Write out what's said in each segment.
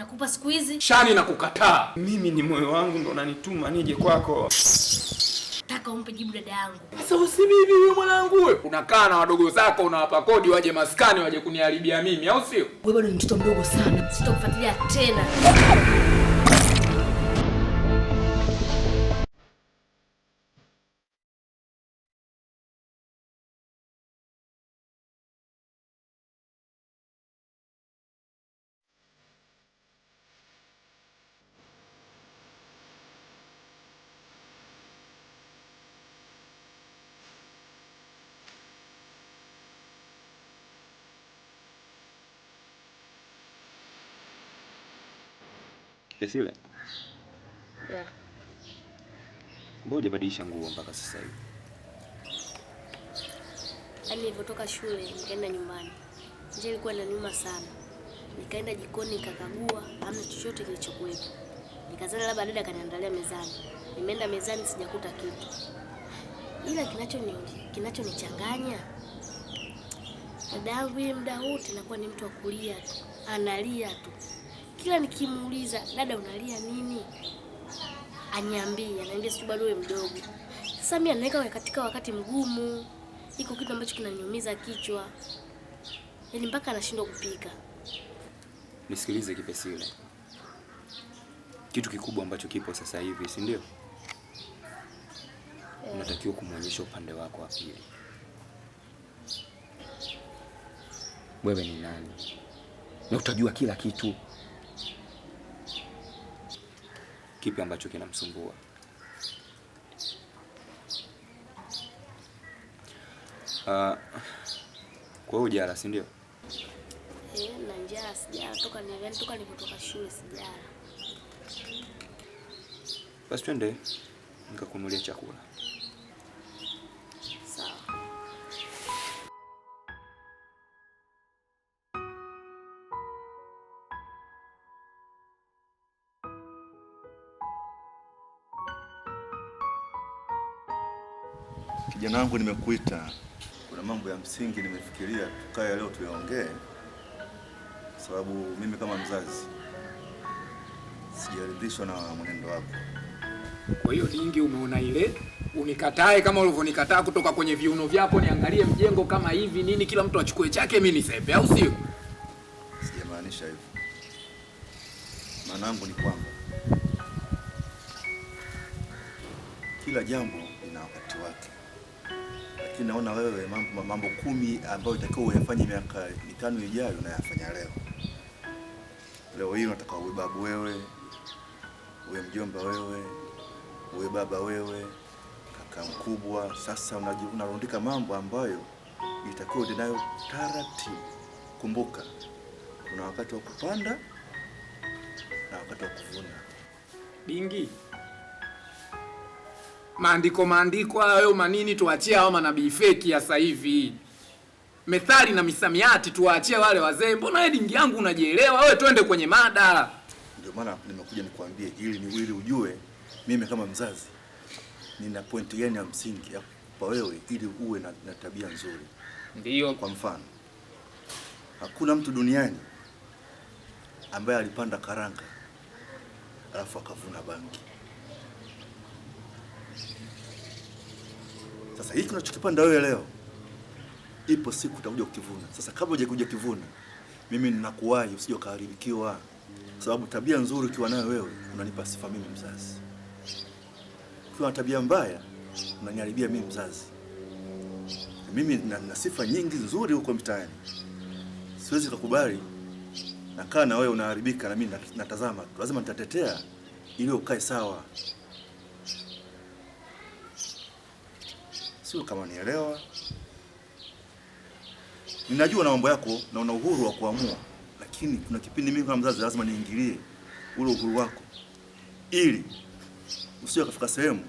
Nakupa siku hizi shani na kukataa. Mimi ni moyo wangu ndo nanituma nije kwako. Nataka umpe jibu dada yangu. Sasa usibibi wewe mwanangu wewe. Unakaa na wadogo zako unawapa kodi waje maskani waje kuniharibia mimi au sio? Wewe bado ni mtoto mdogo sana. Sitakufuatilia tena. Ethile. Yeah. Mbona hujabadilisha nguo mpaka sasa hivi? Yaani nilipotoka shule nikaenda nyumbani. Nje ilikuwa nyuma sana. Nikaenda jikoni nikakagua hamna chochote kilichokuwepo. Nikazana labda dada kaniandalia mezani. Nimeenda mezani sijakuta kitu. Ila kinachonichanganya kinacho dada yangu, muda wote nakuwa ni mtu wa kulia tu, analia tu. Kila nikimuuliza dada, unalia nini? Aniambia, anaambia sijui bado wewe mdogo. Sasa mimi anaweka katika wakati mgumu, iko kitu ambacho kinaniumiza kichwa, yaani mpaka anashindwa kupika. Nisikilize kipesile kitu kikubwa ambacho kipo sasa hivi, si ndio? Eh, unatakiwa kumwonyesha upande wako wa pili. Wewe ni nani? Na utajua kila kitu. kipi ambacho kinamsumbua. Uh, kwa hiyo ujara, si ndio? Eh, na njaa sijara toka ni nilivyani toka nilipotoka shule sijara. Basi twende nikakunulia chakula. Kijana wangu nimekuita, kuna mambo ya msingi nimefikiria tukae leo tuyaongee, sababu mimi kama mzazi sijaridhishwa na mwenendo wako. Kwa hiyo dingi, umeona ile unikatae kama ulivyonikataa kutoka kwenye viuno vyako, niangalie mjengo kama hivi nini, kila mtu achukue chake, mimi nisepe, au sio? Sijamaanisha hivyo, maana yangu ni kwamba kila jambo lina wakati wake lakini naona wewe mambo, mambo kumi ambayo itakiwa uyafanye miaka mitano ijayo unayafanya leo. Leo hii unataka uwe babu wewe, uwe mjomba wewe, uwe baba wewe, kaka mkubwa. Sasa unarundika mambo ambayo itakiwa uende nayo taratibu. Kumbuka kuna wakati wa kupanda na wakati wa kuvuna. Bingi maandiko maandiko hayo manini, tuachie hao manabii feki ya sasa hivi, methali na misamiati tuwaachie wale wazee. Mbona edingi yangu unajielewa wewe? Twende kwenye mada. Ndio maana nimekuja nikuambie, ili ni ili ujue mimi kama mzazi nina pointi gani ya msingi kwa wewe ili uwe na, na tabia nzuri. Ndio, kwa mfano hakuna mtu duniani ambaye alipanda karanga alafu akavuna bangi Sasa hiki unachokipanda wewe leo, ipo siku utakuja kukivuna. Sasa kabla hujakuja kivuna, mimi ninakuwahi usije ukaharibikiwa, sababu tabia nzuri ukiwa nayo wewe unanipa sifa mimi mzazi. Ukiwa na tabia mbaya unaniharibia mimi mzazi. Mimi na sifa nyingi nzuri huko mtaani, siwezi kukubali nakaa na wewe unaharibika na mimi natazama Lazima nitatetea ili ukae sawa. sio kama nielewa. Ninajua na mambo yako na una uhuru wa kuamua, lakini kuna kipindi mimi kama mzazi lazima niingilie ule uhuru wako ili usije kafika sehemu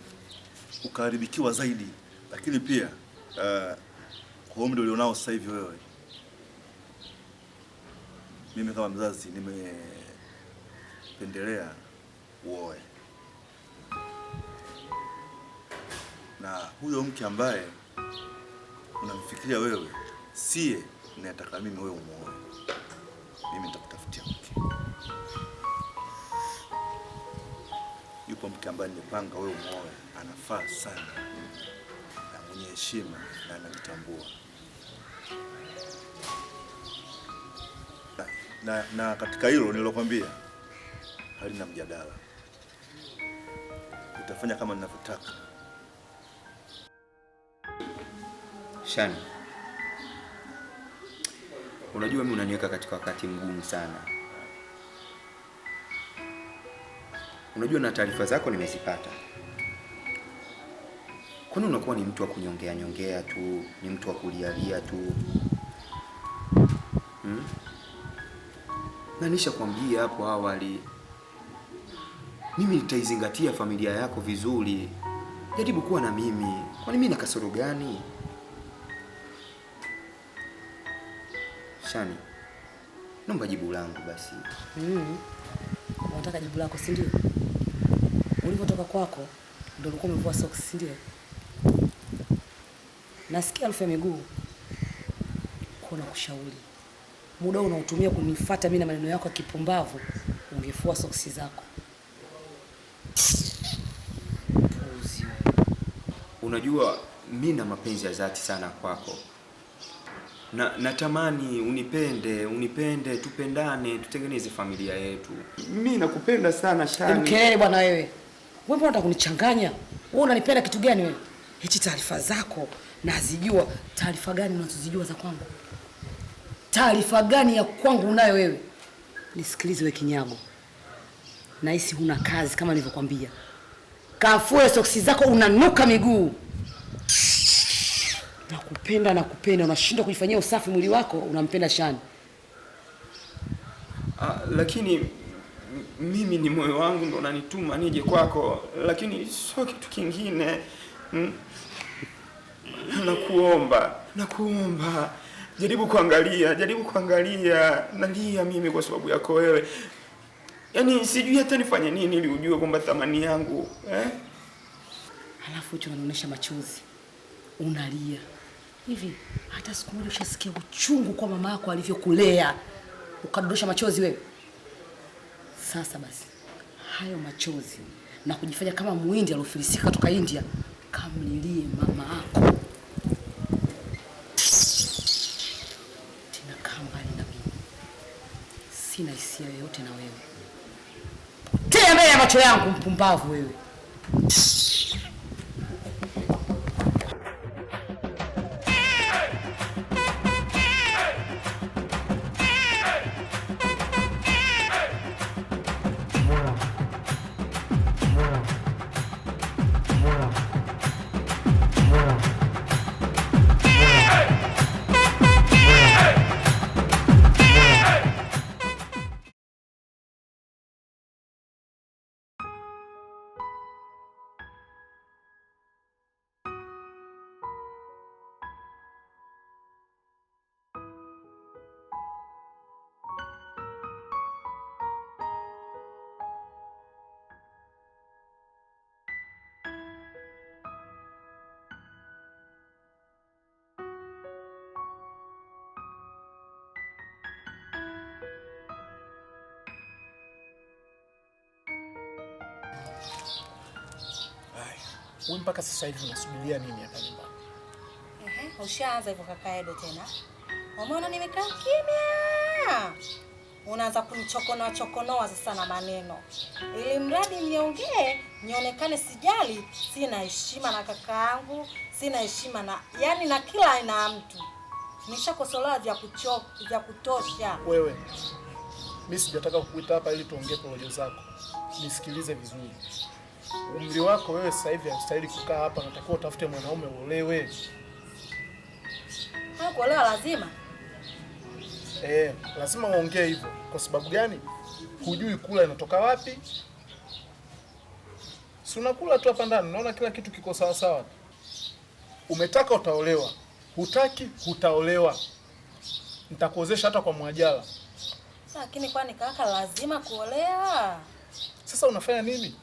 ukaharibikiwa zaidi. Lakini pia uh, kwa umri ulionao sasa hivi wewe, mimi kama mzazi nimependelea uoe. na huyo mke ambaye unamfikiria wewe siye nataka mimi wewe umuoe. Mimi nitakutafutia mke. Yupo mke ambaye nimepanga wewe umuoe, anafaa sana na mwenye heshima na anamtambua na, na, na katika hilo nilokwambia halina mjadala, utafanya kama ninavyotaka. Shani, unajua mimi unaniweka katika wakati mgumu sana. Unajua na taarifa zako nimezipata. Kwani unakuwa ni mtu wa kunyongea nyongea tu, ni mtu wa kulialia tu hmm? Na kuambia hapo awali, mimi nitaizingatia familia yako vizuri. Jaribu kuwa na mimi. Kwani mimi na kasoro gani? Shani, naomba jibu langu basi. Mm. Unataka jibu lako si ndio? Ulivyotoka kwako ndio ulikuwa umevua socks, si ndio? Nasikia harufu ya miguu. Kuna kushauri. Muda unaotumia kunifuata mimi na maneno yako ya kipumbavu, ungefua socks zako. Unajua mimi na mapenzi ya dhati sana kwako na natamani unipende, unipende, tupendane, tutengeneze familia yetu. Mimi nakupenda sana Shani. Mkelele bwana wewe. Wewe mbona unataka kunichanganya? Wewe unanipenda kitu gani wewe? Hichi taarifa zako nazijua. Taarifa gani unazozijua za kwangu? Taarifa gani ya kwangu unayo wewe? Nisikilize wewe kinyago. Nahisi huna kazi kama nilivyokuambia. Kafue soksi zako unanuka miguu nakupenda nakupenda, unashindwa kuifanyia usafi mwili wako, unampenda Shani. Ah, lakini mimi ni moyo wangu ndo unanituma nije kwako, lakini sio kitu kingine mm. Nakuomba, nakuomba jaribu kuangalia, jaribu kuangalia. Nalia mimi kwa sababu yako wewe, yaani sijui hata nifanye nini ili ujue kwamba thamani yangu eh? Alafu hicho machozi, unalia. Hivi hata siku moja ushasikia uchungu kwa mama yako alivyokulea ukadondosha machozi wewe? Sasa basi hayo machozi na kujifanya kama muhindi aliofilisika kutoka India, kamlilie mama yako tena. Kaa mbali na mimi, sina hisia yoyote na wewe. Potea mbele ya macho yangu, mpumbavu wewe! Wewe mpaka sasa hivi unasubiria nini hapa nyumbani? Ehe, ushaanza hivyo kaka Edo tena. Umeona nimekaa kimya. Unaanza kunichokonoa chokonoa sasa na maneno. Ili mradi niongee, nionekane sijali, sina heshima na kaka yangu sina heshima na yani na kila aina ya mtu. Nishakosolewa vya kuchoka vya kutosha. Wewe mi sijataka kukuita hapa ili tuongee porojo zako. Nisikilize vizuri. Umri wako wewe sasa hivi hastahili kukaa hapa, natakiwa utafute mwanaume uolewe. Kuolewa lazima eh, lazima uongee hivyo. Kwa sababu gani? Hujui kula inatoka wapi? Si unakula tu hapa ndani, unaona kila kitu kiko sawa sawa. Umetaka utaolewa, hutaki hutaolewa. Nitakuozesha hata kwa Mwajala. Lakini kwani kaka, lazima kuolewa? Sasa unafanya nini?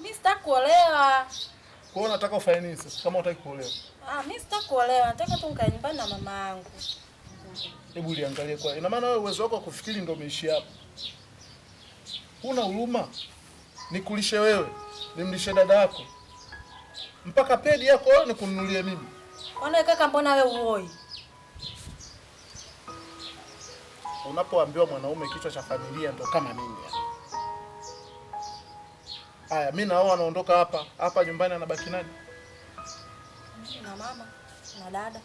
Mimi sitaki kuolewa. Kwa hiyo nataka ufanye nini sasa kama unataka kuolewa? Ah, mimi sitaki kuolewa. Nataka tu nikae nyumbani na mama yangu. Hebu liangalie kwa. Ina maana wewe uwezo wako wa kufikiri ndio umeishi hapo. Huna huruma. Nikulishe wewe, nimlishe dada yako. Mpaka pedi yako wewe nikununulie mimi. Mbona kaka, mbona wewe uoi? unapoambiwa mwanaume kichwa cha familia ndo kama mimi. Haya, mimi nao anaondoka hapa hapa nyumbani, anabaki nani? Na mama na dada.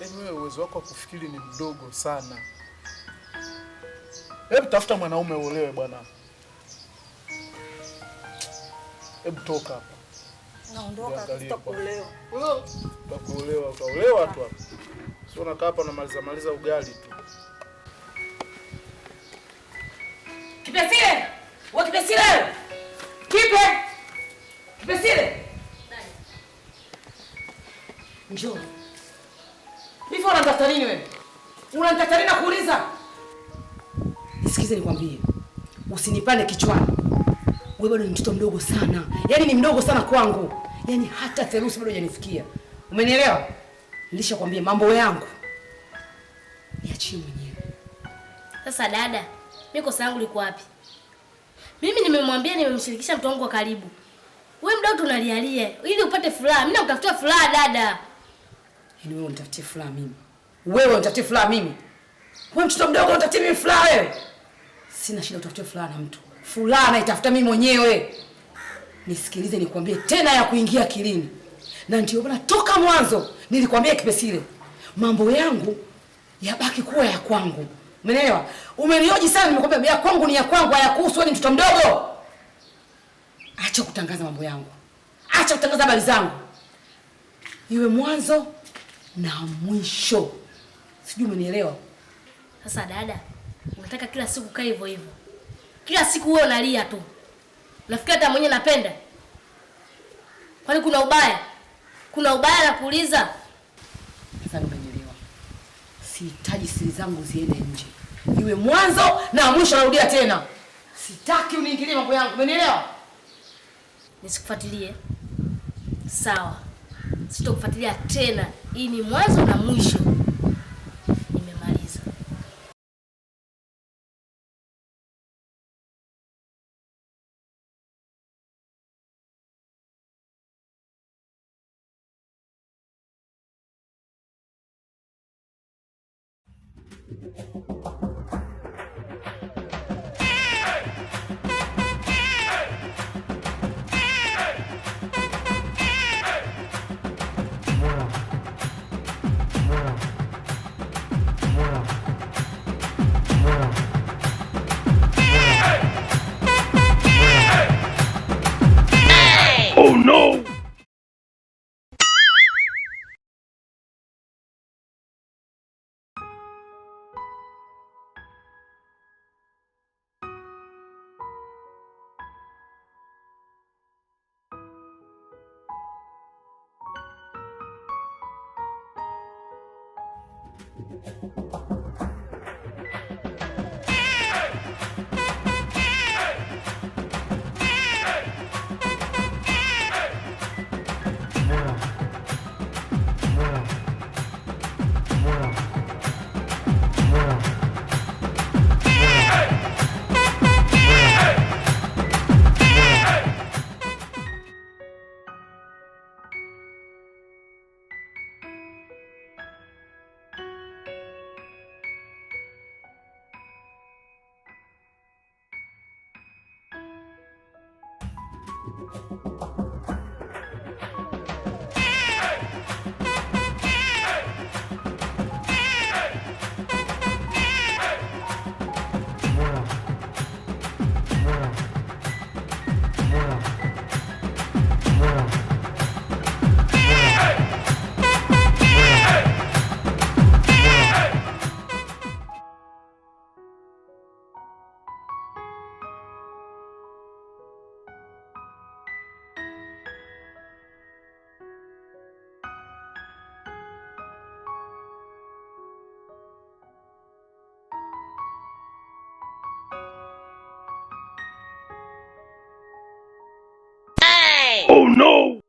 Yaani wewe uwezo wako wa kufikiri ni mdogo sana. Hebu tafuta mwanaume uolewe bwana. Hebu toka hapa. Naondoka, tutakuolewa. Tutakuolewa, utaolewa tu hapa. Sio unakaa hapa unamaliza maliza ugali tu. Leo kipe pesile njoo. Hivyo unanitafuta nini wewe? Unanitafuta nini nakuuliza? Nisikize nikwambie, usinipande kichwani. Wewe bado ni mtoto mdogo sana, yaani ni mdogo sana kwangu, yaani hata theluthi bado hujanifikia. Umenielewa? Nilishakwambia mambo yangu niachie mwenyewe. Sasa dada, mimi kosa yangu liko wapi? Mimi nimemwambia, nimemshirikisha mtu wangu wa karibu. Wewe mdogo, unalialia ili upate furaha. Mimi nakutafutia furaha dada. Yaani wewe unitafutie furaha mimi. Wewe unitafutie furaha mimi. Wewe mtoto mdogo unitafutie mimi furaha wewe. Sina shida utafutie furaha na mtu. Furaha naitafuta mimi mwenyewe. Nisikilize nikwambie tena ya kuingia kilini. Na ndio bwana toka mwanzo nilikwambia kipesile. Mambo yangu yabaki kuwa ya kwangu. Umeelewa? Umenioji sana nimekwambia ya kwangu ni ya kwangu kuhusu wewe ni mtoto mdogo. Acha kutangaza mambo yangu. Acha kutangaza habari zangu. Iwe mwanzo na mwisho. Sijui umenielewa. Sasa dada, unataka kila siku kae hivyo hivyo. Kila siku wewe unalia tu. Nafikiri hata mwenyewe napenda. Kwani kuna ubaya? Kuna ubaya na kuuliza? Sihitaji siri zangu ziende nje, iwe mwanzo na mwisho. Narudia tena, sitaki uniingilie mambo yangu, umenielewa? Nisikufuatilie sawa, sitokufuatilia tena. Hii ni mwanzo na mwisho. Thank you. あっ。no!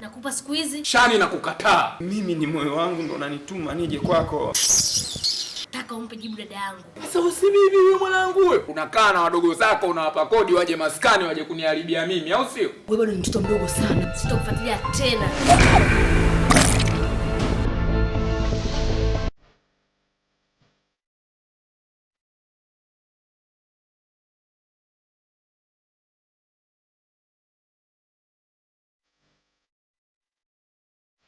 Nakupa siku hizi. Shani na kukataa. Mimi ni moyo wangu ndo unanituma nije kwako. Nataka umpe jibu dada yangu. Sasa usibibi wewe mwanangu wewe. Unakaa na wadogo zako unawapa kodi waje maskani waje kuniharibia mimi au sio? Wewe bado ni mtoto mdogo sana. Sitakufuatilia tena.